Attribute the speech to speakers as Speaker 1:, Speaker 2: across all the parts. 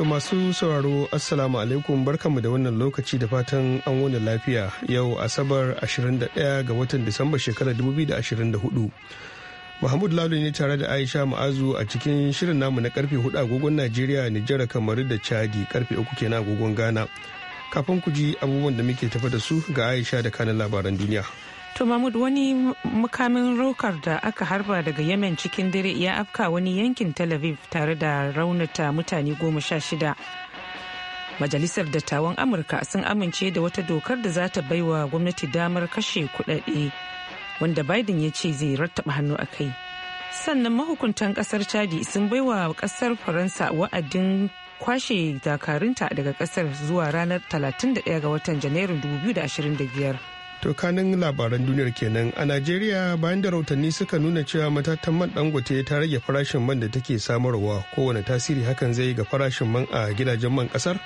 Speaker 1: To masu sauraro Assalamu alaikum barkanmu da wannan lokaci da fatan an wani lafiya yau Asabar 21 ga watan Disamba shekarar 2024. Mahmud lalu ne tare da Aisha Ma'azu a cikin shirin namu na karfe 4 agogon Najeriya, Nijar, kamar da Chadi karfe 3 kenan agogon Ghana. Kafin ku ji abubuwan da muke tafa da su ga Aisha da kanan labaran duniya.
Speaker 2: To Mahmud wani mukamin rokar da aka harba daga Yemen cikin dare ya afka wani yankin Tel Aviv tare da raunata mutane goma sha shida. Majalisar Dattawan Amurka sun amince da wata dokar da za ta baiwa gwamnati damar kashe kudade wanda Biden ya ce zai rattaba hannu a kai. Sannan mahukuntan kasar Chadi sun baiwa kasar Faransa wa'adin kwashe dakarunta daga kasar zuwa ranar 31 ga watan Janairun 2025.
Speaker 1: To labaran duniyar kenan a Najeriya bayan da rautanni suka nuna cewa matatan man dangote ta rage farashin man da take samarwa kowane tasiri hakan zai ga farashin man a gidajen man kasar?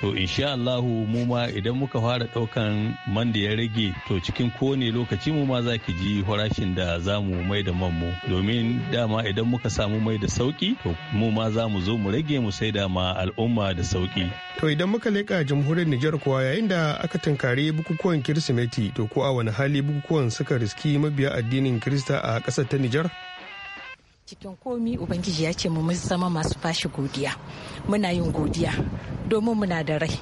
Speaker 1: to insha Allahu mu ma idan muka fara ɗaukan man da ya rage to cikin kowane lokaci
Speaker 3: mu ma za ki ji farashin da za mu mai da man mu domin dama idan muka samu mai da sauki to mu ma za mu zo mu rage mu sai da ma al'umma da sauki
Speaker 1: to idan muka leka jamhuriyar Nijar kuwa yayin da aka tunkari bukukuwan Kirsimeti to ko a wani hali bukukuwan suka riski mabiya addinin Kirista a ƙasar ta Nijar
Speaker 2: cikin komi ubangiji ya ce mu mun zama masu bashi godiya muna yin godiya domin muna da rai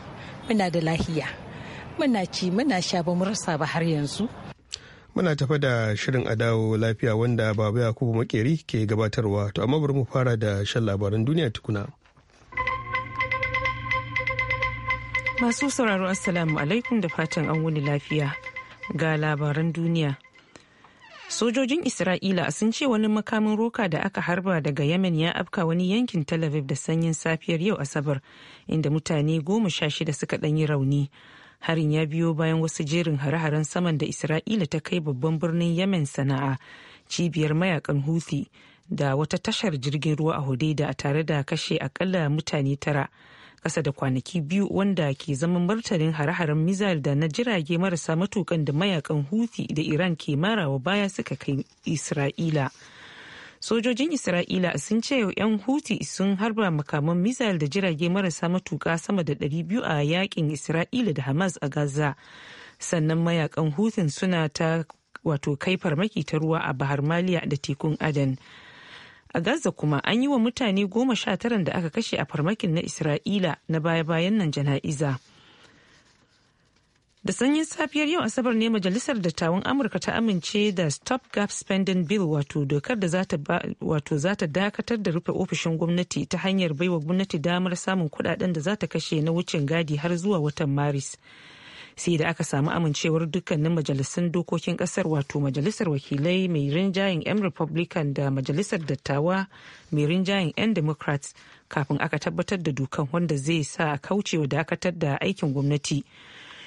Speaker 2: muna da lahiya muna ci muna sha ba mu rasa ba har yanzu
Speaker 1: muna tafa da shirin adawo lafiya wanda baba yakubu makeri ke gabatarwa to amma bari mu fara da shan labaran duniya tukuna
Speaker 2: masu sauraro assalamu alaikum da fatan an wuni lafiya ga labaran duniya sojojin isra'ila sun ce wani makamin roka da aka harba daga yemen ya afka wani yankin tel aviv da sanyin safiyar yau asabar inda mutane goma sha shida suka ɗanyi rauni harin ya biyo bayan wasu jerin hare-haren saman da isra'ila ta kai babban birnin yemen sana'a cibiyar mayakan houthi da wata tashar jirgin ruwa a a tare da kashe akalla mutane tara kasa da kwanaki biyu wanda ke zama martanin hare-haren mizal da na jirage marasa matukan da mayakan huthi da iran ke marawa baya suka kai isra'ila sojojin isra'ila sun ce 'yan huti sun harba makaman mizal da jirage marasa matuka sama da 200 a yakin isra'ila da hamas a gaza sannan mayakan hutun suna ta wato kai farmaki ta ruwa a bahar maliya da tekun adan A Gaza kuma an yi wa mutane goma sha taran da aka kashe a farmakin na Isra'ila na baya-bayan nan jana'iza. Da sanyin safiyar yau Asabar ne Majalisar Dattawan Amurka ta amince da Stop Gap Spending Bill wato dokar da za ta dakatar da rufe ofishin gwamnati ta hanyar baiwa gwamnati damar samun kudaden da zata kashe na wucin gadi har zuwa watan Maris. sai da aka samu amincewar dukkanin majalisun dokokin kasar wato majalisar wakilai mai rinjayen 'yan republican da majalisar dattawa mai rinjayen 'yan democrats kafin aka tabbatar da dukan wanda zai sa a kauce wa dakatar da aikin gwamnati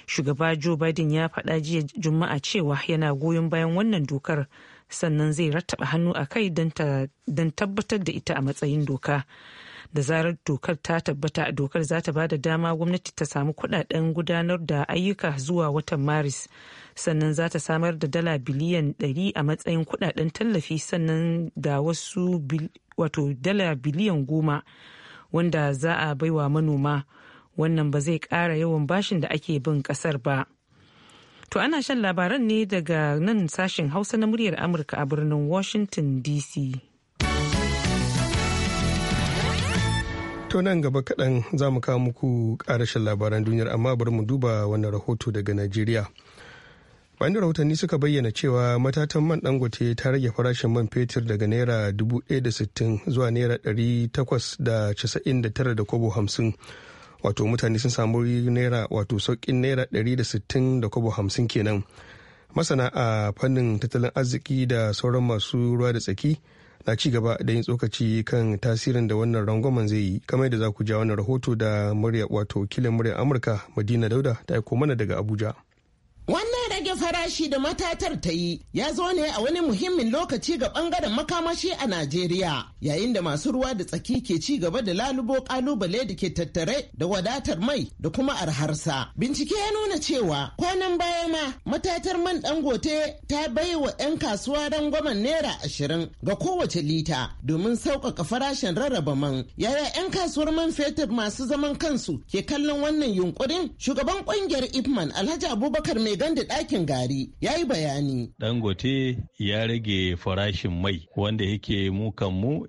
Speaker 2: shugaba joe biden ya faɗa jiya juma'a cewa yana goyon bayan wannan dokar sannan zai rattaba hannu a kai don tabbatar da ita a matsayin doka. da zarar dokar ta tabbata a dokar za ta bada dama gwamnati ta samu kudaden gudanar da ayyuka zuwa watan maris sannan za ta samar da dala biliyan 100 a matsayin kudaden tallafi sannan da wasu wato dala biliyan 10 wanda za a baiwa manoma wannan ba zai kara yawan bashin da ake bin kasar ba. To ana shan labaran ne daga nan sashen Hausa na muryar Amurka a birnin Washington DC.
Speaker 1: To nan gaba kaɗan za mu kawo muku ƙarashin labaran duniyar amma bari mu duba wannan rahoto daga Najeriya. Bayan da rahotanni suka bayyana cewa matatan man dangote ta rage farashin man fetur daga naira 1,060 zuwa naira 899.50 da kobo Wato mutane sun samu naira wato saukin naira ɗari da kobo kenan. Masana a fannin tattalin arziki da sauran masu ruwa da tsaki na ci gaba da yin tsokaci kan tasirin da wannan rangwamen zai yi kamar yadda za ku ja wannan rahoto da murya wato kilin murya amurka madina dauda ta yi mana daga abuja
Speaker 4: rage farashi da matatar ta yi ya zo ne a wani muhimmin lokaci ga bangaren makamashi a Najeriya yayin da masu ruwa da tsaki ke ci gaba da lalubo kalubale da ke tattare da wadatar mai da kuma arharsa. Bincike ya nuna cewa kwanan baya ma matatar man dangote ta bai wa 'yan kasuwa rangwamen naira ashirin ga kowace lita domin sauƙaƙa farashin rarraba man. Yaya 'yan kasuwar man fetur masu zaman kansu ke kallon wannan yunkurin shugaban ƙungiyar Ipman Alhaji Abubakar Mai Gandi ɗakin gari ya yi bayani.
Speaker 3: Dangote ya rage farashin mai wanda yake mu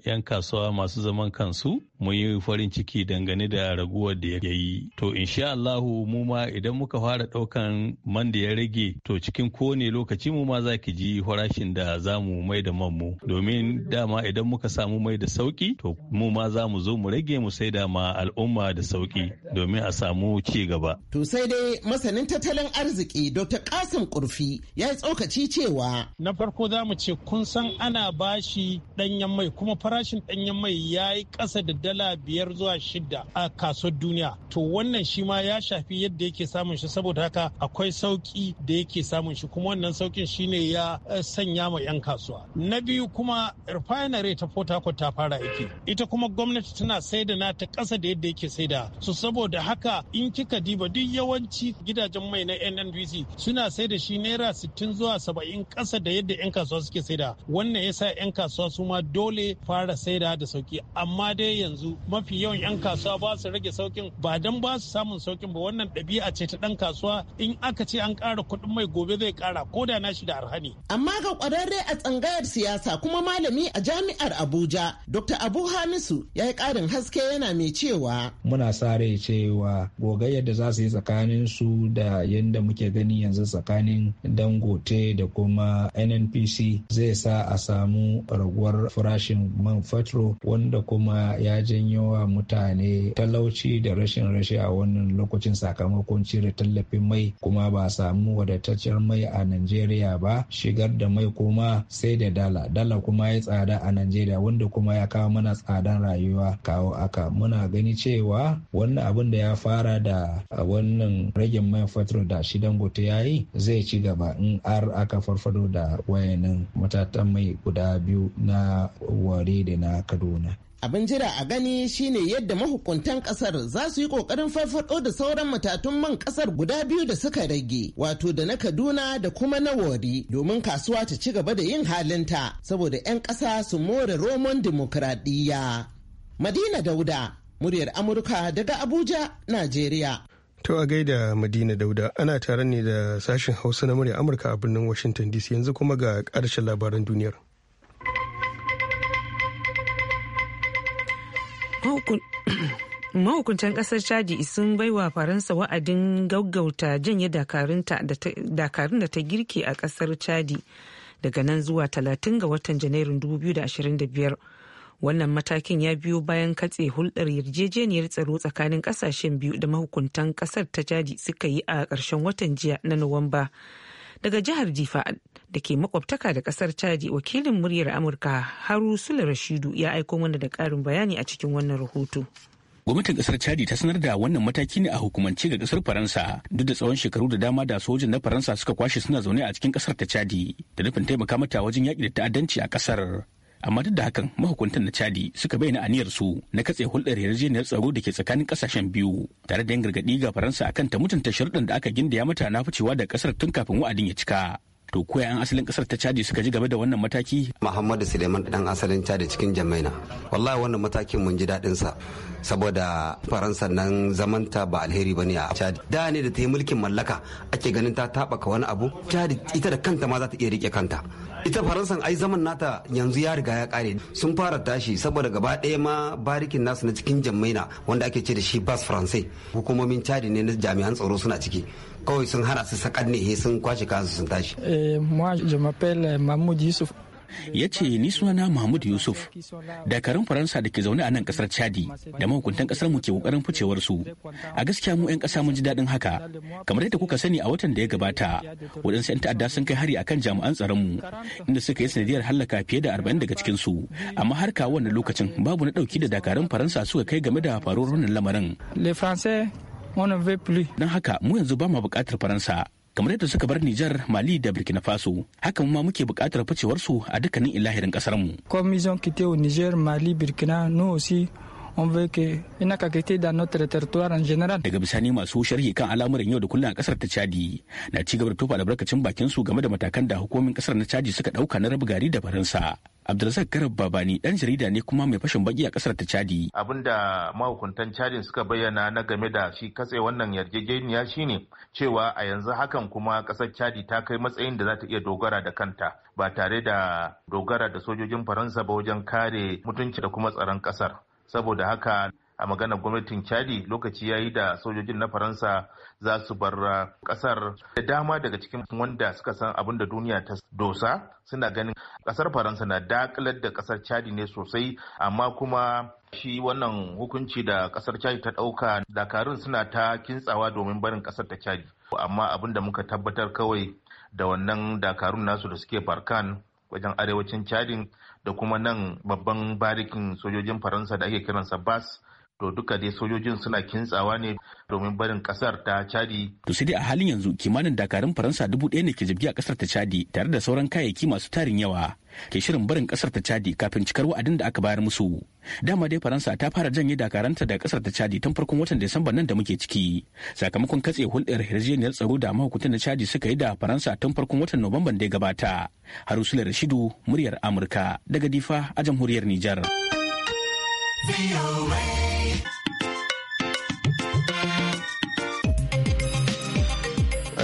Speaker 3: 'yan kasuwa masu zaman kansu mun yi farin ciki dangane da raguwar da ya yi. To insha Allahu mu ma idan muka fara ɗaukan man da ya rage to cikin kowane lokaci mu ma za ki ji farashin da za mu mai da man mu. Domin dama idan muka samu mai da sauki to mu ma za mu zo mu rage mu sai da ma al'umma da sauki domin a samu ci
Speaker 4: gaba. To sai dai masanin tattalin arziki Dr. kasim kurfi ya yi tsokaci cewa
Speaker 5: na farko za mu ce kun san ana bashi danyen mai kuma farashin danyen mai ya yi ƙasa da dala biyar zuwa shida a kasuwar duniya to wannan shi ma ya shafi yadda yake samun shi saboda haka akwai sauki da yake samun shi kuma wannan saukin shine ya eh, sanya ma 'yan kasuwa na biyu kuma refinery ta port harcourt ta fara aiki ita kuma gwamnati tana saida na ta kasa da yadda yake saida su saboda haka in kika diba duk yawanci gidajen mai na NNBC suna sai da shi naira sittin zuwa saba'in kasa da yadda 'yan kasuwa suke saida wannan yasa 'yan kasuwa su ma dole fara saida da sauki amma dai yanzu mafi yawan 'yan kasuwa ba su rage saukin ba dan ba su samun saukin ba wannan ɗabi'a ce ta ɗan kasuwa in aka ce an ƙara kuɗin mai gobe zai ƙara ko da nashi da arhani.
Speaker 4: amma ga ƙwararre a tsangayar siyasa kuma malami a jami'ar abuja dr abu hamisu ya yi ƙarin haske yana mai cewa.
Speaker 6: muna sa rai cewa gogayyar da za su yi tsakanin su da yadda muke gani yanzu tsakanin dangote da kuma nnpc zai sa a samu raguwar farashin man fetro wanda kuma ya janyo wa mutane talauci da rashin rashi a wannan lokacin sakamakon cire tallafin mai kuma ba a samu wadataccen mai a najeriya ba shigar da mai kuma sai da dala dala kuma ya tsada a najeriya wanda kuma ya kawo mana tsadan rayuwa kawo aka muna gani cewa wannan abin da ya fara da wannan rage man fetro da shi dangote ya yi zai ci gaba in har aka farfado
Speaker 4: da wayanin matatan mai guda biyu na ware da na kaduna abin jira a gani shine yadda mahukuntan kasar za su yi kokarin farfado da sauran matatun man kasar guda biyu da suka rage wato da na kaduna da kuma na wari domin kasuwa ta ci gaba da yin halinta saboda 'yan kasa su more roman dimokuraɗiyya madina dauda muryar amurka daga abuja najeriya
Speaker 1: To a gaida Madina Dauda ana tare ne da sashen Hausa na murya Amurka a birnin Washington DC yanzu kuma ga ƙarshen labaran duniyar.
Speaker 2: Mahukuntan ƙasar Chadi sun baiwa Faransa wa'adin gaggauta janye dakarun da ta girke a ƙasar Chadi daga nan zuwa 30 ga watan Janairun 2025. wannan matakin ya biyo bayan katse hulɗar yarjejeniyar tsaro tsakanin ƙasashen biyu da mahukuntan ƙasar ta jadi suka yi a ƙarshen watan jiya na nuwamba daga jihar jifa da ke makwabtaka da ƙasar caji wakilin muryar amurka haru sule rashidu ya aiko mana da ƙarin bayani a cikin wannan rahoto
Speaker 3: gwamnatin kasar chadi ta sanar da wannan mataki ne a hukumance ga kasar faransa duk da tsawon shekaru da dama da sojin na faransa suka kwashe suna zaune a cikin kasar ta chadi da nufin taimaka mata wajen yaƙi da ta'addanci a kasar amma duk da hakan mahukuntan na chadi suka bayyana aniyar su na katse hulɗar yarjejeniyar tsaro da ke tsakanin ƙasashen biyu tare da yin gargaɗi ga faransa akan ta mutunta sharuɗan da aka gindaya mata na ficewa da ƙasar tun kafin wa'adin ya cika to ko yan asalin kasar ta chadi suka ji game da wannan mataki muhammadu suleiman dan asalin chadi cikin jamaina
Speaker 7: wallahi wannan matakin mun ji daɗin sa saboda faransa nan zamanta ba alheri bane a chad da ne da ta yi mulkin mallaka ake ganin ta taɓaka wani abu chad ita da kanta ma za ta iya rike kanta ita faransa ai zaman nata yanzu ya riga ya kare sun fara tashi saboda gaba ɗaya ma barikin nasu na cikin jamaina wanda ake ce da shi bas faransai hukumomin chad ne na jami'an tsaro suna ciki kawai sun hana su sakan ne sun kwashe kansu sun tashi.
Speaker 6: Eh, yusuf.
Speaker 3: ya ce ni sunana mahmud yusuf dakarun faransa da ke zaune a nan kasar chadi da mahukuntan kasar mu ke kokarin ficewar su a gaskiya mu 'yan kasa mun ji daɗin haka kamar yadda kuka sani a watan da ya gabata waɗansu 'yan ta'adda sun kai hari akan jami'an tsaron mu inda suka yi sanadiyar hallaka fiye da arba'in daga cikin su amma har kawo wannan lokacin babu na ɗauki da dakarun faransa suka kai game da faruwar wannan lamarin
Speaker 6: le français wannan vepli
Speaker 3: don haka mu yanzu ba mu buƙatar faransa kamar yadda suka bar Nijar, Mali da Burkina Faso. haka ma muke buƙatar su a dukkanin ilahirin ƙasarmu.
Speaker 6: Comme ils Niger, Mali, Burkina, no aussi, on veut que ina kakite da notre territoire en general
Speaker 3: daga bisani masu sharhi kan al'amuran yau da kullum a kasar ta chadi na ci gaba da tofa albarkacin bakin su game da matakan da hukumomin kasar na chadi suka dauka na rabu gari da faransa abdulrazak garab babani dan jarida ne kuma mai fashin baki a kasar ta chadi
Speaker 8: abinda mahukuntan chadi suka bayyana na game da shi katse wannan yarjejeniya shine cewa a yanzu hakan kuma kasar chadi ta kai matsayin da za ta iya dogara da kanta ba tare da dogara da sojojin faransa ba wajen kare mutunci da kuma tsaron kasar saboda haka a maganar gwamnatin chadi lokaci yayi da sojojin na faransa za su bar kasar ah, da dama daga cikin wanda suka san abin da duniya ta dosa suna ganin kasar faransa na dakalar da kasar chadi ne sosai amma kuma shi wannan hukunci da kasar chadi ta dauka dakarun suna ta kintsawa domin barin kasar ta chadi amma abin da muka tabbatar kawai da wannan dakarun nasu da suke barkan wajen arewacin chadin da kuma nan babban barikin sojojin faransa da ake kiransa bas to duka dai sojojin suna kintsawa ne domin barin kasar ta chadi
Speaker 3: to sai dai a halin yanzu kimanin dakarun faransa dubu ɗaya ne ke jirgi a kasar ta chadi tare da sauran kayayyaki masu tarin yawa ke shirin barin kasar ta chadi kafin cikar wa'adin da aka bayar musu dama dai faransa ta fara janye dakaranta da kasar ta chadi tun farkon watan disamba nan da muke ciki sakamakon katse hulɗar yarjejeniyar tsaro da mahukuntan na chadi suka yi da faransa tun farkon watan nuwamban da ya gabata harusula rashidu muryar amurka daga difa a jamhuriyar nijar.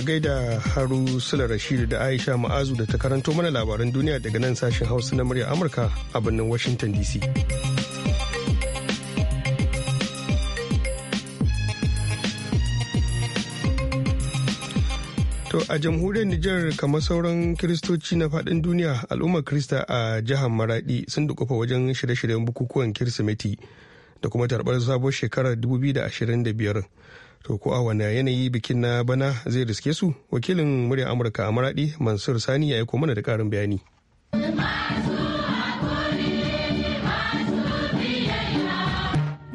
Speaker 1: gaida haru sula rashid da aisha ma'azu da ta karanto mana labaran duniya daga nan sashen hausa na murya amurka a birnin washington dc To a jamhuriyar Nijar kamar sauran kiristoci na fadin duniya al'ummar Kirista a jihar Maradi sun dukufa wajen shirye-shiryen bukukuwan Kirsimeti. da kuma tarbar sabon shekarar 2025 to ko a wane yanayi bikin na bana zai riske su wakilin muryar amurka a maradi mansur sani ya aiko mana da karin bayani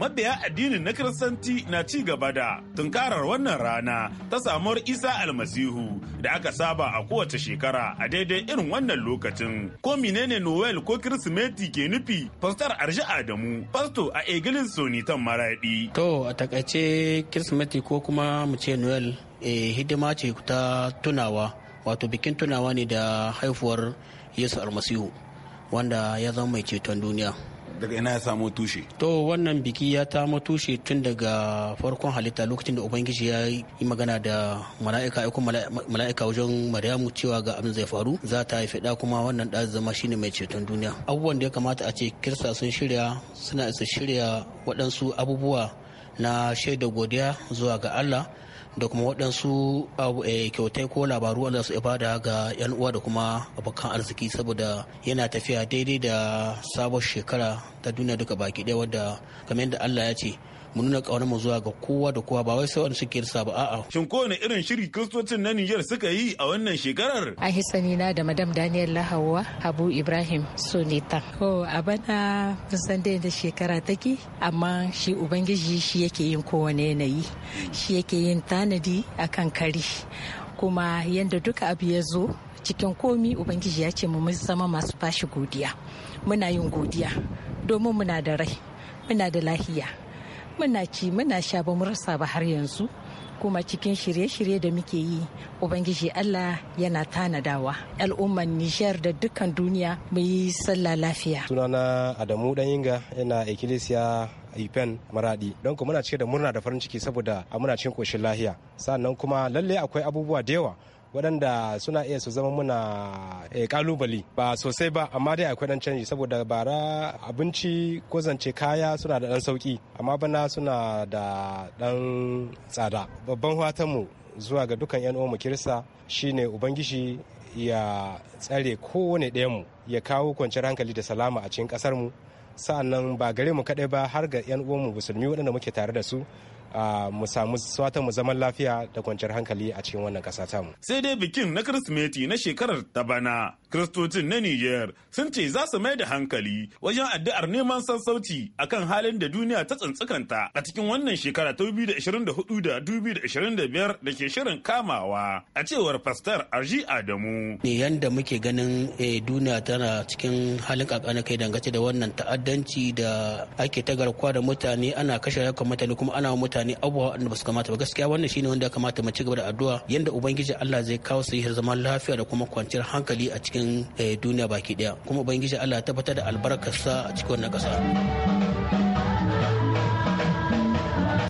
Speaker 9: mabiya addinin na kiristanci na ci gaba da tunkarar wannan rana ta samuwar isa almasihu da aka saba a kowace shekara a daidai irin wannan lokacin ko menene noel ko kirsimeti ke nufi fastar arshi adamu fasto a egilin sonitan maradi
Speaker 10: to a takaice kirsimeti ko kuma mu ce noel eh, hidima ce ta tunawa wato bikin tunawa ne da haifuwar yesu almasihu wanda ya zama mai ceton duniya daga ina ya samo tushe to wannan biki ya ta tushe tun daga farkon halitta lokacin da ubangiji ya yi magana da mala'ika aikun mala'ika wajen maryamu cewa ga abin zai faru za ta haifi da kuma wannan da zama shine mai ceton duniya abubuwan da ya kamata a ce kirista sun shirya suna isa shirya waɗansu abubuwa na shaida godiya zuwa ga allah da kuma waɗansu eh, kyautai ko labaru wanda su ibada ga 'yan uwa da kuma abokan arziki saboda yana tafiya daidai da sabon shekara ta duniya duka baki ɗaya wadda kamar yadda Allah ya ce mu nuna ƙaunar mu zuwa ga kowa da kowa ba wai sai wanda suke da ba a'a
Speaker 9: shin kowane irin shiri kristocin na Niger suka yi a wannan shekarar
Speaker 2: a hisani na da madam Daniel Lahawa Habu Ibrahim Sunita ko a bana san da da shekara take amma shi ubangiji shi yake yin kowane yanayi shi yake yin tanadi akan kari kuma yadda duka abu ya zo cikin komi ubangiji ya ce mu zama masu bashi godiya muna yin godiya domin muna da rai muna da lahiya muna ci muna sha ba mu rasa ba har yanzu kuma cikin shirye-shirye da muke yi ubangiji allah yana tanadawa al'umman nijar da dukkan duniya mu yi sallah lafiya
Speaker 7: sunana adamu danyinga yana ikilisiya ipen maradi don kuma muna cike da murna da farin ciki saboda a muna cikin koshin lahiya sannan kuma lalle akwai abubuwa da yawa waɗanda suna iya su zama muna kalubali eh, ba sosai ba amma dai akwai dan canji saboda bara abinci ko zance kaya suna da dan sauki amma bana suna da dan tsada babban mu zuwa ga dukan yan uwanmu kirista shine ubangishi ya tsare kowane mu ya kawo kwanciyar hankali da salama a cikin ƙasar mu sa'annan ba gare mu kaɗai ba har ga yan uwanmu musulmi waɗanda muke tare da su mu samu suwata mu zaman lafiya da kwanciyar hankali a cikin wannan ƙasa tamu.
Speaker 9: Sai dai bikin na Kirsimeti na shekarar ta bana, Kiristocin na Nijar sun ce za su mai da hankali wajen addu'ar neman sassauci kan halin da duniya ta tsantsikanta a cikin wannan shekara ta 2024 da 2025 da ke shirin kamawa a cewar Pastor Arji Adamu.
Speaker 10: Ne yanda muke ganin eh, duniya tana cikin halin kakana kai dangance da wannan ta'addanci da ake ta garkuwa da mutane ana kashe yakan mutane kuma ana mutane mutane abubuwa wanda ba su kamata ba gaskiya wannan shine wanda ya kamata mu ci gaba da addu'a yanda ubangiji Allah zai kawo su yar zaman lafiya da kuma kwanciyar hankali a cikin eh, duniya baki daya kuma ubangiji Allah ya tabbatar da sa a cikin wannan kasa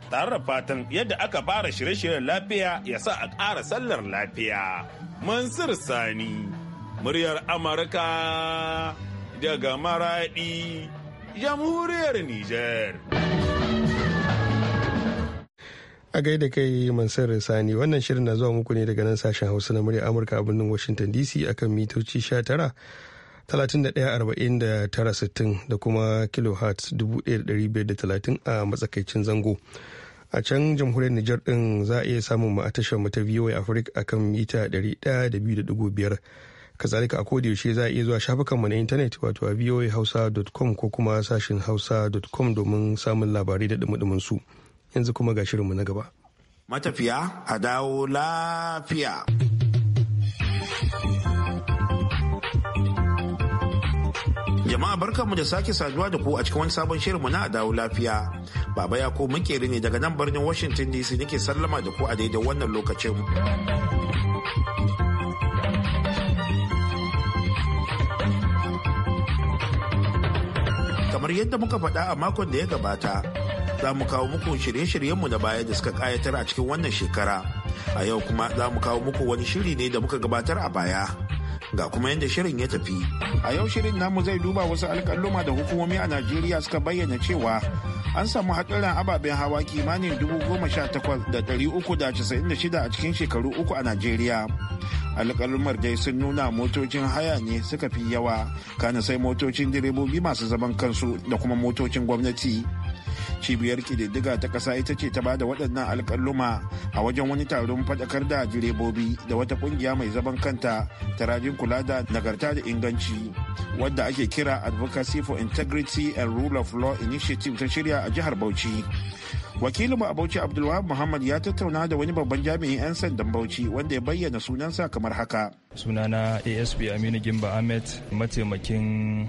Speaker 9: tare da fatan yadda aka fara shirye-shiryen
Speaker 11: lafiya ya sa a
Speaker 9: ƙara sallar lafiya. Mansur Sani, muryar Amurka daga Maraɗi, jamhuriyar Nijar.
Speaker 1: A gaida kai Mansur Sani wannan shirin na zuwa muku ne daga nan sashen Hausa na murya Amurka a birnin Washington DC akan mitoci 19 da kuma kilohertz 1530 a matsakaicin zango. A can jamhuriyar Nijar din za a iya samun mu a tashar mu ta VOA Africa akan mita 102.5. kazalika a yaushe za a iya zuwa shafukanmu na intanet wato a hausa.com ko kuma sashin hausa.com domin samun labarai da dumudumin su. yanzu kuma ga shirinmu na gaba
Speaker 11: matafiya a dawo lafiya jama'a barkanmu da sake saduwa da ku a cikin wani sabon shirinmu na dawo lafiya baba ya ko makeri ne daga nan birnin washington dc nake sallama da ku a daidai wannan lokacin kamar yadda muka faɗa a makon da ya gabata za mu kawo muku shirye-shiryenmu na baya da suka kayatar a cikin wannan shekara. A yau kuma za mu kawo muku wani shiri ne da muka gabatar a baya. Ga kuma yadda shirin ya tafi. A yau shirin namu zai duba wasu alƙalluma da hukumomi a Najeriya suka bayyana cewa an samu hatsarin ababen hawa kimanin dubu goma sha da da da uku shida a cikin shekaru uku a Najeriya. alƙalumar dai sun nuna motocin haya ne suka fi yawa kana sai motocin direbobi masu zaman kansu da kuma motocin gwamnati. cibiyar kididdiga ta kasa ita ce ta bada waɗannan alƙalluma a wajen wani taron faɗakar da direbobi da wata ƙungiya mai zaman kanta ta rajin kula da nagarta da inganci wadda ake kira advocacy for integrity and rule of law initiative ta shirya a jihar bauchi wakilin mu a bauchi abdulwahab muhammad ya tattauna da wani babban jami'in 'yan sandan bauchi wanda ya bayyana sunansa kamar haka
Speaker 6: sunana asp aminu gimba ahmed mataimakin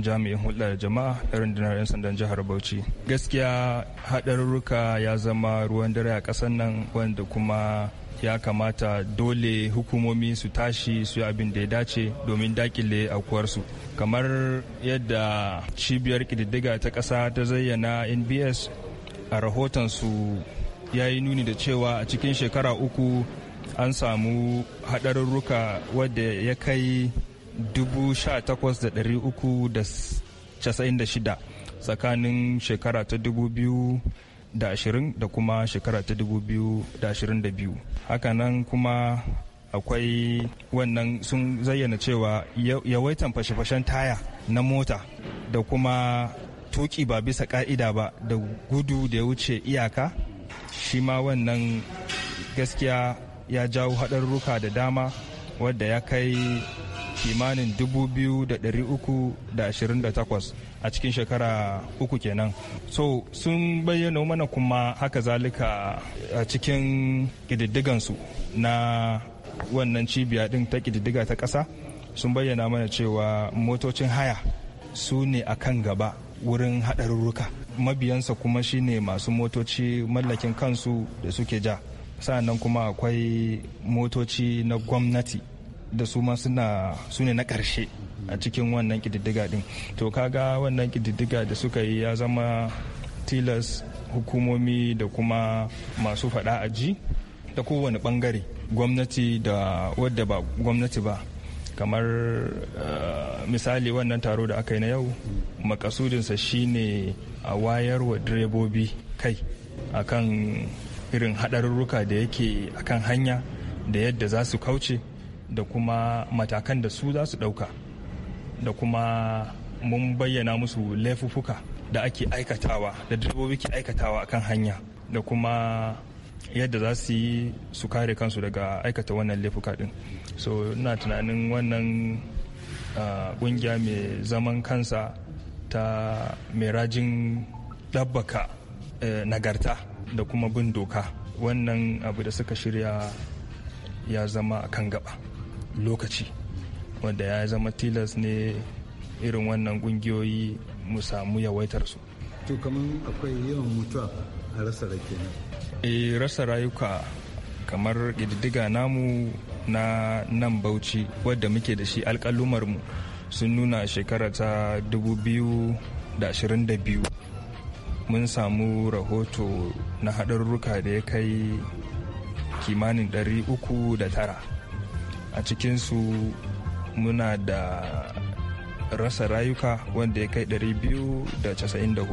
Speaker 6: jami'in hulɗa da jama'a na rundunar 'yan sandan jihar Bauchi. Gaskiya haɗarurruka ya zama ruwan dare a ƙasar nan wanda kuma ya kamata dole hukumomi su tashi su abin da ya dace domin dakile aukuwarsu kamar yadda cibiyar ƙididdiga ta ƙasa ta zayyana nbs a rahotonsu ya yi nuni da cewa a cikin shekara uku an samu haɗarurruka wadda ya kai 18,396 tsakanin shekara ta 2000 da ashirin da kuma shekara ta dubu biyu da ashirin da biyu hakanan kuma akwai wannan sun zayyana cewa yawaitan fashe-fashen taya na mota da kuma tuki ba bisa ka'ida ba da gudu da ya wuce iyaka shi ma wannan gaskiya ya jawo haɗarruka da dama wadda ya kai kimanin 2,328 a cikin shekara uku kenan so sun bayyana mana kuma haka zalika a cikin ƙididdigansu na wannan cibiya ɗin ta ƙididdiga ta ƙasa sun bayyana mana cewa motocin haya su ne a kan gaba wurin haɗarurruka mabiyansa kuma shine masu motoci mallakin kansu da suke ja sa'annan kuma akwai motoci na gwamnati da su ma suna su ne na ƙarshe a cikin wannan kididdiga din to kaga wannan kididdiga da suka yi ya zama tilas hukumomi da kuma masu faɗa a ji ta kowane ɓangare gwamnati da wadda ba gwamnati ba kamar eh, misali wannan taro da aka yi na yau makasudinsa shine a wayar wa direbobi kai akan irin haɗarurruka da yake akan hanya da yadda za su kauce da kuma matakan da su za su ɗauka da kuma mun bayyana musu laifufuka da ake aikatawa da direbobi ke aikatawa akan hanya da kuma yadda za su yi su kare kansu daga aikata wannan laifuka din so ina tunanin wannan kungiya mai zaman kansa ta mai rajin ɗabbaka e, nagarta da kuma bin doka wannan abu da suka shirya ya zama kan gaba lokaci wanda ya zama tilas ne irin wannan kungiyoyi mu samu yawaitar su to
Speaker 7: kamar akwai yawan mutuwa a rasa rake
Speaker 6: e eh, rasa rayuka kamar ƙididdiga namu na nan bauchi wadda muke da shi alƙalumarmu sun nuna shekara ta 2022 mun samu rahoto na haɗarruka da ya kai kimanin 309 a cikinsu muna da rasa rayuka wanda ya kai 294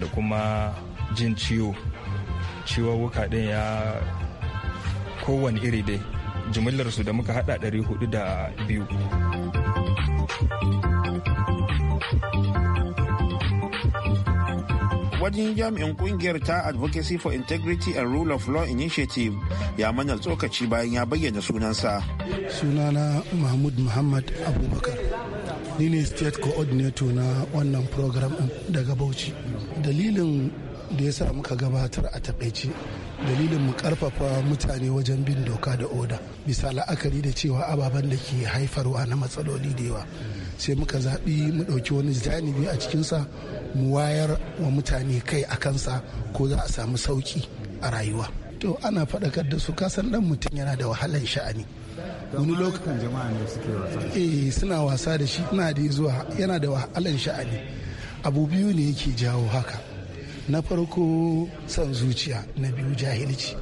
Speaker 6: da kuma jin ciwo ciwawuka din ya kowane iri dai jimillarsu da muka hada 402
Speaker 11: wajen jami'in kungiyar ta advocacy for integrity and rule of law initiative ya mana tsokaci bayan ya bayyana sunansa
Speaker 8: sunana mahmud muhammad abubakar ni ne state coordinator na wannan program daga bauchi dalilin da ya sa muka gabatar a taɓaice dalilin mu karfafa mutane wajen bin doka da oda bisa la'akari da cewa ababen da ke haifarwa na matsaloli da yawa sai muka zaɓi mu ɗauki wani janibi a cikinsa mu wayar wa mutane kai a kansa ko za a samu sauki a rayuwa to ana faɗakar da su kasan ɗan mutum yana da wahalar sha'ani wani lokacin jama'an da suke wasa eh suna wasa da shi suna da zuwa yana da wahalar sha'ani abu biyu ne yake jawo haka na farko son zuciya na biyu jahilci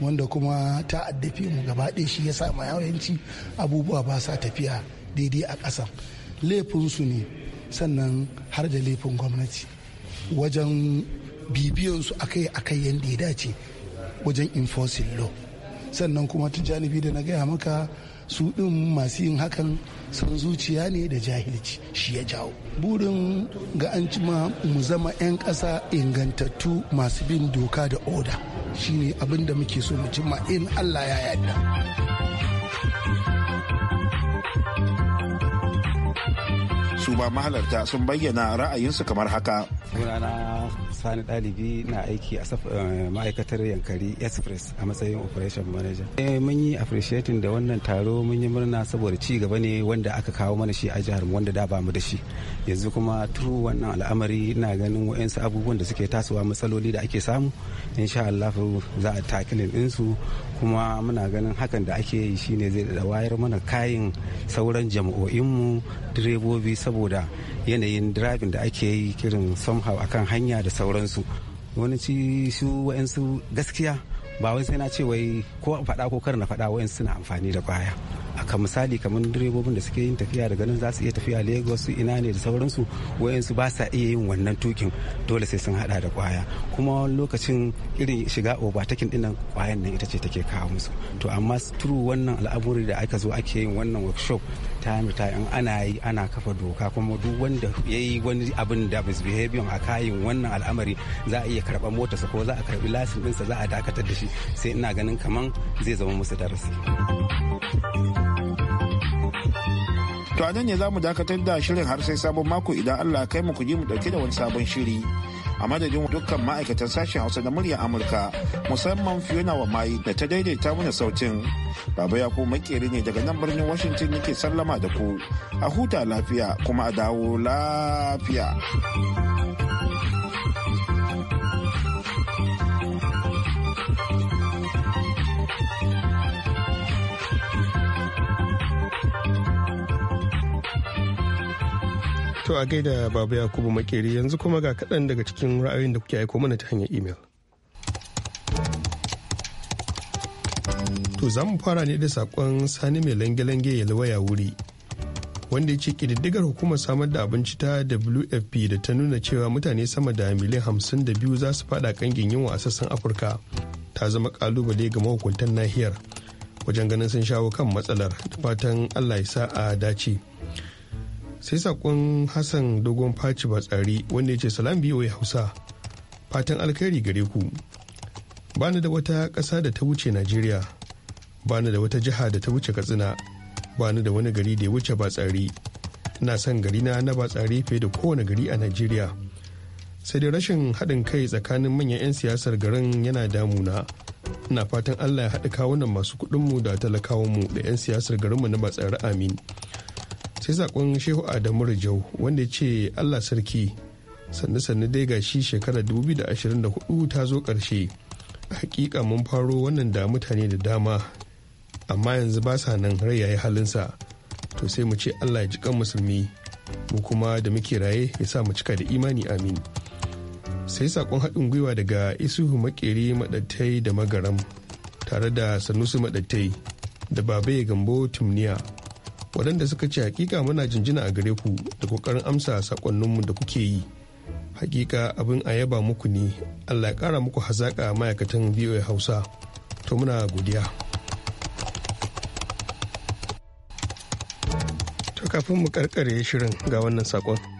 Speaker 8: wanda kuma ta addafi mu gaba shi ya sa yawanci abubuwa ba sa tafiya daidai a ƙasa laifinsu ne sannan har da laifin gwamnati wajen bibiyan su akai akai yadda ya dace wajen enforcing law sannan kuma ta janibi da na gaya maka su ɗin masu yin hakan san zuciya ne da jahilci shi ya jawo burin ga an cima mu zama 'yan ƙasa ingantattu masu bin doka da oda shine abin da muke so mu cimma in allah ya yarda.
Speaker 11: su ba mahalarta sun bayyana ra'ayinsu kamar haka.
Speaker 8: Sunana
Speaker 7: Sani ɗalibi na aiki a eh, ma'aikatar Yankari Express a matsayin Operation Manager. Eh, mun yi appreciating da wannan taro mun yi murna saboda ci gaba ne wanda aka kawo mana shi a jihar mu wanda da ba mu da shi. Yanzu kuma turu wannan al'amari na ganin wa'insu abubuwan da suke tasowa matsaloli da ake samu. Insha Allah za a takilin ɗinsu kuma muna ganin hakan da ake yi shine zai da wayar mana kayan sauran jama'o'inmu direbobi saboda yanayin driving da ake yi kirin somehow akan hanya da sauransu wani ci su wa'yansu gaskiya ba wai sai na ce wai ko faɗa ko kar na faɗa wa'yansu suna amfani da kwaya aka misali kamar direbobin da suke yin tafiya daga nan za su iya tafiya lagos ina ne da sauransu wayansu ba sa iya yin wannan tukin dole sai sun hada da kwaya kuma lokacin irin shiga obatakin dinnan kwayan nan ita ce take kawo musu to amma turu wannan al'amuri da aka zo ake yin wannan workshop time to in ana yi ana kafa doka kuma duk wanda ya yi wani abin da misbehavior a kayan wannan al'amari za a iya karɓar motarsa ko za a karɓi lasin ɗinsa za a dakatar da shi sai ina ganin kaman
Speaker 11: zai zama musu darasi. To a nan ne za mu dakatar da shirin har sai sabon mako idan Allah kai mu ku ji mu ɗauke da wani sabon shiri. a madadin dukkan ma'aikatan sashen hausa na muryar amurka musamman fiona wa mai da ta daidaita mana sautin baba ya ku makeri ne daga nan birnin washington nake sallama da ku a huta lafiya kuma a dawo lafiya
Speaker 1: To a gaida Baba Yakubu Makeri yanzu kuma ga kaɗan daga cikin ra'ayoyin da kuke aiko mana ta hanyar imel. To za mu fara ne da saƙon sani mai lange-lange ya lawaya wuri. Wanda ya ce ƙididdigar hukumar samar da abinci ta WFP da ta nuna cewa mutane sama da miliyan hamsin da biyu za su faɗa kangin yunwa a sassan Afirka ta zama ƙalubale ga mahukuntan nahiyar wajen ganin sun shawo kan matsalar da fatan Allah ya sa a dace. sai sakon hassan dogon faci batsari wanda ya ce salam ya hausa fatan alkhairi gare ku bani da wata ƙasa da ta wuce najeriya bani da wata jiha da ta wuce katsina bani da wani gari da ya wuce batsari na son gari na na batsari fiye da kowane gari a najeriya sai dai rashin haɗin kai tsakanin manyan 'yan siyasar garin yana damuna na fatan allah ya haɗa kawunan masu kuɗinmu da talakawanmu da 'yan siyasar garinmu na batsari amin sai sakon shehu adamu rajau wanda ce allah sarki sannu sannu dai ga shi shekarar 2024 ta zo ƙarshe hakika mun faro wannan da mutane da dama amma yanzu ba sa nan rai yayi halinsa to sai mu ce allah ya ji kan musulmi mu kuma da muke raye ya sa mu cika da imani amin sai sakon haɗin gwiwa daga isuhu makeri maɗattai da magaram tare da sanusi maɗattai da babaye gambo tumniya waɗanda suka ce hakika muna jinjina a gare ku da ƙoƙarin amsa saƙonninmu da kuke yi hakika abin a yaba muku ne allah ya ƙara muku hazaƙa ma'aikatan voa hausa to muna godiya to kafin mu karkare shirin ga wannan saƙon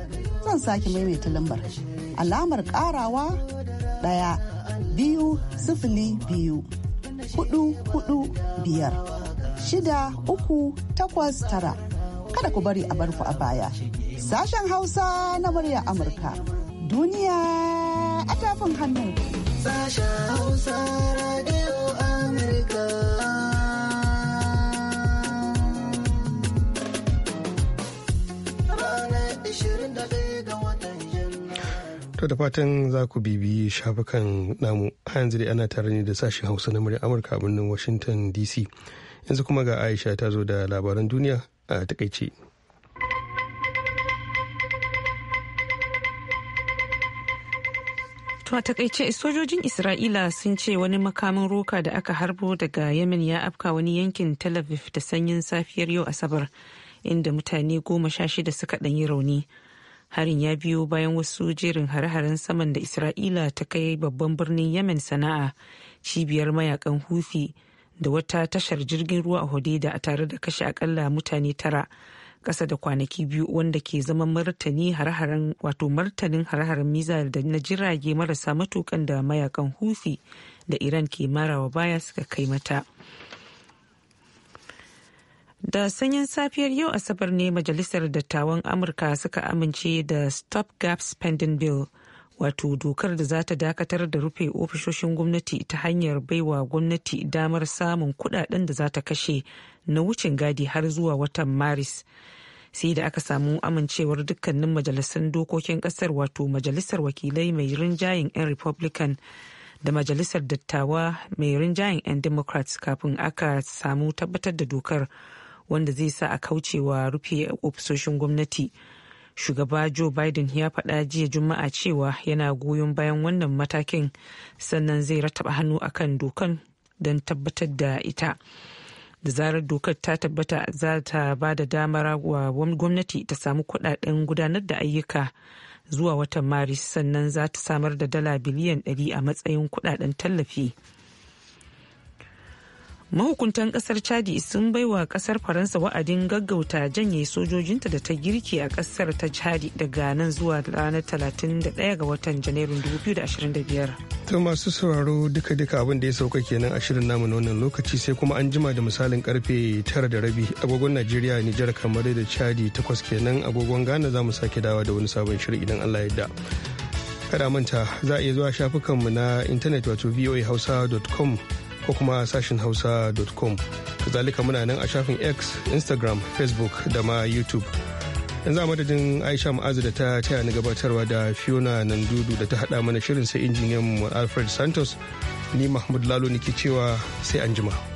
Speaker 4: zan sake maimaita lambar alamar karawa ɗaya biyu sifili biyu hudu hudu biyar shida uku takwas tara kada ku bari a barku a baya sashen hausa na murya amurka duniya a tafin hannu sashen hausa radio
Speaker 1: To da fatan za ku bibi shafukan namu a yanzu dai ana tare ne da sashen Hausa na murya Amurka a birnin Washington DC. Yanzu kuma ga Aisha ta zo da labaran duniya a takaice.
Speaker 2: a takaice sojojin Isra'ila sun ce wani makamin roka da aka harbo daga Yemen ya afka wani yankin Tel Aviv da sanyin safiyar yau Asabar inda mutane goma sha shida suka ɗanyi rauni. harin ya biyo bayan wasu jerin hare-haren saman da isra'ila ta kai babban birnin yemen sana'a cibiyar mayakan hufi da wata tashar jirgin ruwa a hodeda a tare da kashe akalla mutane tara kasa da kwanaki biyu wanda ke zama martani hare-haren wato martanin hare-haren mizal da na jirage marasa matukan da mayakan hufi da iran ke marawa baya suka kai mata Da sanyin safiyar yau Asabar ne Majalisar Dattawan Amurka suka amince da Stop Gap Spending Bill, wato dokar da za ta dakatar da rufe ofishoshin gwamnati ta hanyar baiwa gwamnati damar samun kudaden da za ta kashe na wucin gadi har zuwa watan Maris. Sai da aka samu amincewar dukkanin majalisar dokokin kasar wato Majalisar Wakilai mai rinjayen 'yan Republican. da majalisar dattawa mai rinjayen 'yan democrats kafin aka samu tabbatar da dokar wanda zai sa a kaucewa rufe ofisoshin gwamnati shugaba joe biden ya faɗa jiya juma'a cewa yana goyon bayan wannan matakin sannan zai rataba hannu akan dokan don tabbatar da ita da zarar dokar ta tabbata za ta ba da damar wa gwamnati ta samu kudaden gudanar da ayyuka zuwa watan maris sannan za ta samar da dala biliyan 100 a matsayin kudaden tallafi. mahukuntan kasar chadi sun bai wa kasar faransa wa'adin gaggauta janye sojojinta da ta girki a kasar ta chadi daga nan zuwa ranar 31 ga watan janairun 2025
Speaker 1: ta masu sauraro duka duka abin da ya sauka kenan a shirin namu na wannan lokaci sai kuma an jima da misalin karfe 9 da rabi agogon najeriya nijar kamar da chadi takwas kenan agogon ghana za mu sake dawa da wani sabon shirin idan allah ya kada manta za a iya zuwa shafukanmu na intanet wato voahausa.com ko kuma sashin hausa.com kazalika muna nan a shafin x instagram facebook da ma youtube yanzu a madadin aisha ma'azu da ta taya ni gabatarwa da fiona dudu da ta hada mana shirin sai injiniyan alfred santos ni mahmud lalo ne ke cewa sai anjima.